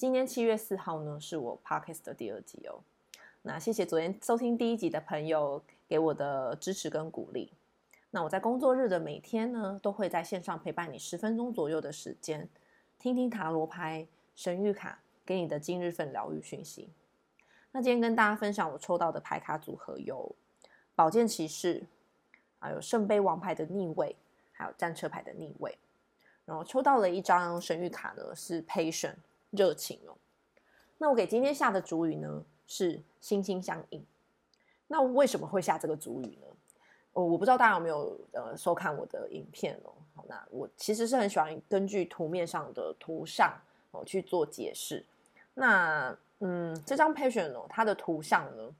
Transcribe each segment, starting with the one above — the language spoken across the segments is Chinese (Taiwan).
今天七月四號呢，是我 podcast 的第二集哦。那謝謝昨天收聽第一集的朋友給我的支持跟鼓勵。那我在工作日的每天呢，都會在線上陪伴你十分鐘左右的時間，聽聽塔羅牌、神諭卡給你的今日份療癒訊息。那今天跟大家分享我抽到的牌卡組合有寶劍騎士，啊有聖杯王牌的逆位，還有戰車牌的逆位，然後抽到了一張神諭卡呢是 patient 熱情哦，那我給今天下的主語呢是心心相印。那為什麼會下這個主語呢？哦、我不知道大家有沒有呃收看我的影片哦。好，那我其實是很喜歡根據圖面上的圖像哦去做解釋。那嗯，這張 Passion 哦，它的圖像呢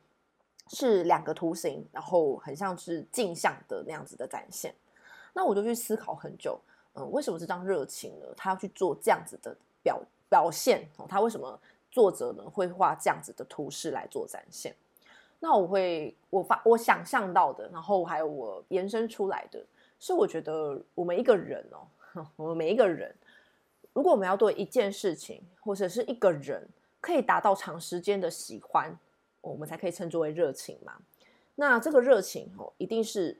是兩個圖形，然後很像是鏡像的那樣子的展現。那我就去思考很久，嗯、呃，為什麼這張熱情呢？他要去做這樣子的表。表現哦、喔，他為什麼作者呢會畫這樣子的圖示來做展現？那我會我發我想象到的，然後還有我延伸出來的是，我覺得我們一個人哦、喔，我們每一個人，如果我們要對一件事情或者是一個人可以達到長時間的喜歡、喔，我們才可以稱作為熱情嘛。那這個熱情哦、喔，一定是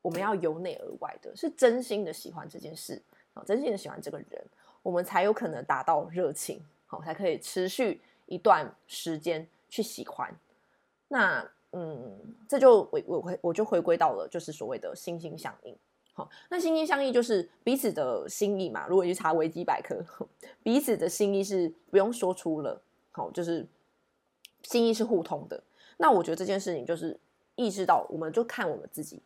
我們要由內而外的，是真心的喜歡這件事，啊、喔，真心的喜歡這個人。我們才有可能達到熱情，好，才可以持續一段時間去喜歡。那嗯，這就我我回，我就回歸到了就是所謂的心心相印，好，那心心相印就是彼此的心意嘛。如果你去查維基百科，彼此的心意是不用說出了，好，就是心意是互通的。那我覺得這件事情就是意識到，我們就看我們自己。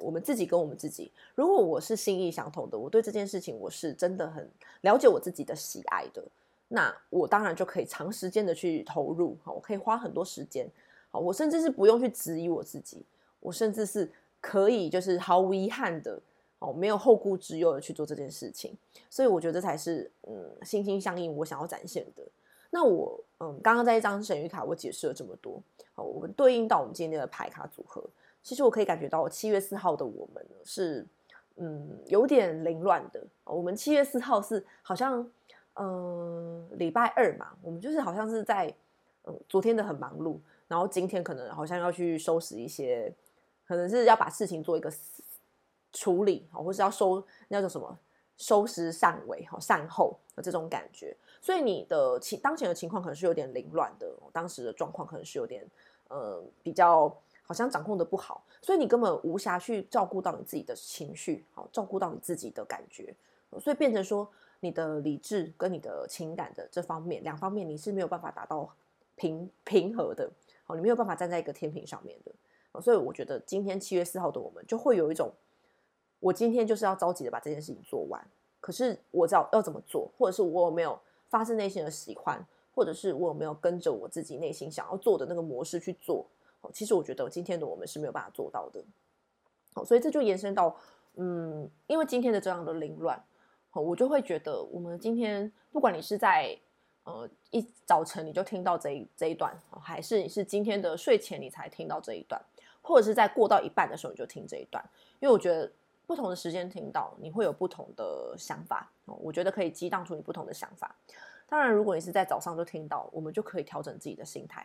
我們自己跟我們自己，如果我是心意相通的，我對這件事情我是真的很了解我自己的喜愛的，那我當然就可以長時間的去投入，我可以花很多時間，好，我甚至是不用去質疑我自己，我甚至是可以就是毫無遺憾的哦，沒有後顧之憂的去做這件事情，所以我覺得這才是嗯心心相印我想要展現的。那我嗯剛剛在一張神諭卡我解釋了這麼多，好，我們對應到我們今天的牌卡組合。其實我可以感覺到，七月四號的我們是，嗯，有點凌亂的。我們七月四號是好像，嗯，禮拜二嘛，我們就是好像是在，嗯，昨天的很忙碌，然後今天可能好像要去收拾一些，可能是要把事情做一個處理，或是要收那叫什麼收拾善尾善後的這種感覺。所以你的情當前的情況可能是有點凌亂的，當時的狀況可能是有點，嗯，比較。好像掌控的不好，所以你根本無暇去照顧到你自己的情緒，好，照顧到你自己的感覺，所以變成說你的理智跟你的情感的這方面兩方面你是沒有辦法達到平平和的，好，你沒有辦法站在一個天平上面的，所以我覺得今天七月四號的我們就會有一種，我今天就是要着急的把這件事情做完，可是我知道要怎麼做，或者是我有沒有發自內心的喜歡，或者是我有沒有跟着我自己內心想要做的那個模式去做。其實我覺得今天的我們是沒有辦法做到的，好、哦，所以這就延伸到，嗯，因為今天的這樣的凌亂，好、哦，我就會覺得我們今天不管你是在呃一早晨你就聽到這一這一段、哦，還是你是今天的睡前你才聽到這一段，或者是在過到一半的時候你就聽這一段，因為我覺得不同的時間聽到，你會有不同的想法、哦，我覺得可以激盪出你不同的想法。當然，如果你是在早上就聽到，我們就可以調整自己的心態。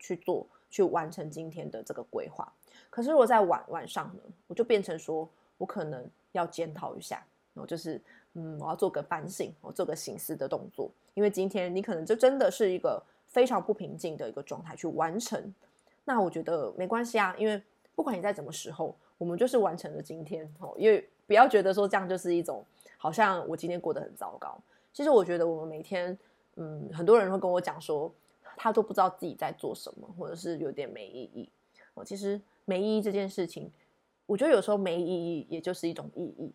去做，去完成今天的這個規劃。可是我在晚晚上呢，我就變成說，我可能要檢討一下，我、哦、就是，嗯，我要做個反省，我、哦、做個省思的動作。因為今天你可能就真的是一個非常不平靜的一個狀態去完成。那我覺得沒關係啊，因為不管你在什麼時候，我們就是完成了今天、哦、因為不要覺得說這樣就是一種好像我今天過得很糟糕。其實我覺得我們每天，嗯，很多人會跟我講說。他都不知道自己在做什麼，或者是有點沒意義。哦，其實沒意義這件事情，我覺得有時候沒意義也就是一種意義，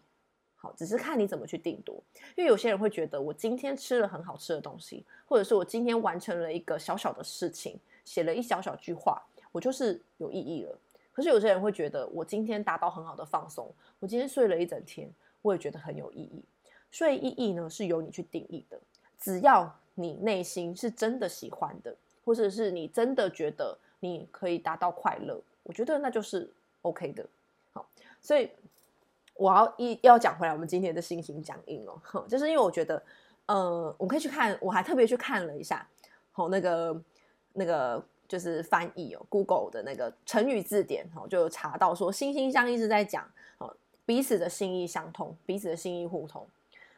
好，只是看你怎麼去定奪。因為有些人會覺得我今天吃了很好吃的東西，或者是我今天完成了一個小小的事情，寫了一小小句話，我就是有意義了。可是有些人會覺得我今天達到很好的放鬆，我今天睡了一整天，我也覺得很有意義。所以意義呢，是由你去定義的，只要。你內心是真的喜歡的，或者是,是你真的覺得你可以達到快樂，我覺得那就是 OK 的。好，所以我要一要講回來我們今天的心、哦“心心相印了，就是因為我覺得，呃，我可以去看，我還特別去看了一下，好、哦，那個那個就是翻譯哦，Google 的那個成語字典，哦，就有查到說“心心相印”是在講哦彼此的心意相通，彼此的心意互通。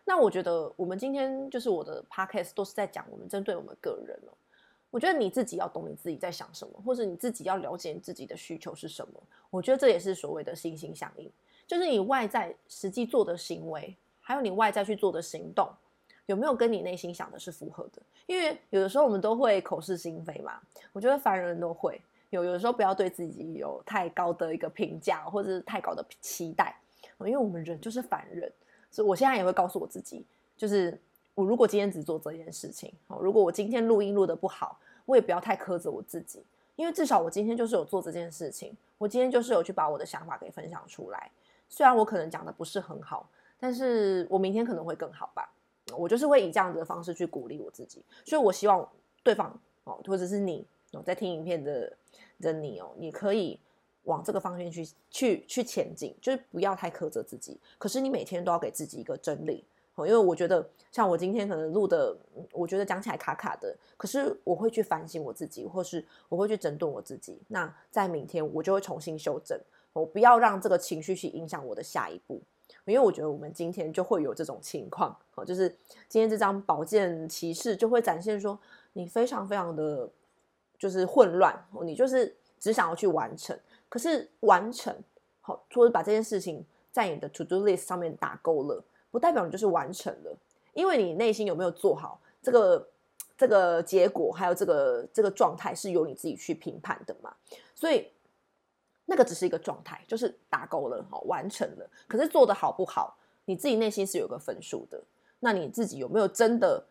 那我覺得我們今天就是我的 podcast 都是在講我們針對我們個人喔。我覺得你自己要懂你自己在想什麼，或者你自己要了解自己的需求是什麼。我覺得這也是所謂的心心相印，就是你外在實際做的行為，還有你外在去做的行動，有沒有跟你內心想的是符合的？因為有的時候我們都會口是心非嘛。我覺得凡人都會有，有的時候不要對自己有太高的一個評價，或者是太高的期待，因為我們人就是凡人。我現在也會告訴我自己，就是我如果今天只做這件事情，哦，如果我今天錄音錄得不好，我也不要太苛責我自己，因為至少我今天就是有做這件事情，我今天就是有去把我的想法給分享出來，雖然我可能講的不是很好，但是我明天可能會更好吧，我就是會以這樣子的方式去鼓勵我自己，所以我希望對方哦，或者是你哦，在聽影片的的你哦，你可以，往這個方面去，去，去前進，就是不要太苛責自己。可是你每天都要給自己一個整理，因為我覺得，像我今天可能錄的，我覺得講起來卡卡的，可是我會去反省我自己，或是我會去整頓我自己。那在明天我就會重新修正，我不要讓這個情緒去影響我的下一步。因為我覺得我們今天就會有這種情況，就是今天這張寶劍騎士就會展現說，你非常非常的，就是混亂，你就是只想要去完成。可是完成好，或者把這件事情在你的 to do list 上面打勾了，不代表你就是完成了，因為你內心有沒有做好這個這個結果，還有這個這個狀態，是由你自己去評判的嘛。所以那個只是一個狀態，就是打勾了，好完成了。可是做得好不好，你自己內心是有個分數的。那你自己有沒有真的？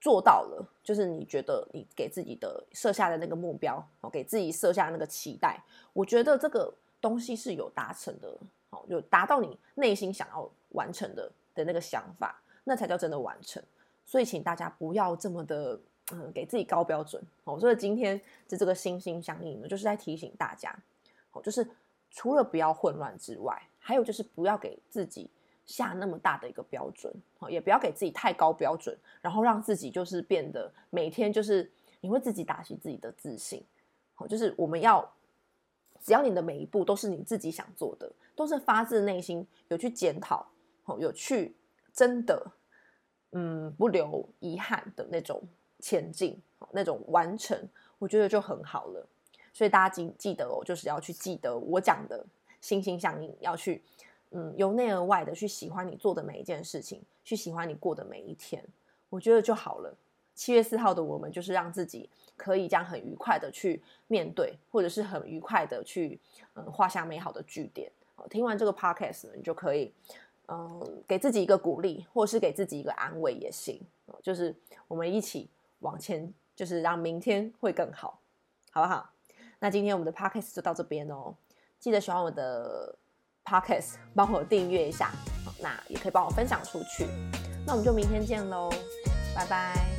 做到了，就是你覺得你給自己的設下的那個目標，哦，給自己設下的那個期待，我覺得這個東西是有達成的，好、哦，有達到你內心想要完成的的那個想法，那才叫真的完成。所以請大家不要這麼的，嗯，給自己高標準。哦，所以今天的這個心心相印呢，就是在提醒大家，哦，就是除了不要混亂之外，還有就是不要給自己。下那麼大的一個標準，也不要給自己太高標準，然後讓自己就是變得每天就是你會自己打擊自己的自信，好，就是我們要只要你的每一步都是你自己想做的，都是發自內心有去檢討，好，有去真的嗯不留遺憾的那種前進，那種完成，我覺得就很好了。所以大家記記得哦，就是要去記得我講的，心心相印要去，嗯，由內而外的去喜歡你做的每一件事情，去喜歡你過的每一天，我覺得就好了。七月四號的我們，就是讓自己可以這樣很愉快的去面對，或者是很愉快的去嗯畫下美好的句點。聽完這個 Podcast，你就可以嗯給自己一個鼓勵，或是給自己一個安慰也行。就是我們一起往前，就是讓明天會更好，好不好？那今天我們的 Podcast 就到這邊哦，記得喜歡我的。p o c k e t 幫我訂閱一下，那也可以幫我分享出去。那我們就明天見嘍，拜拜。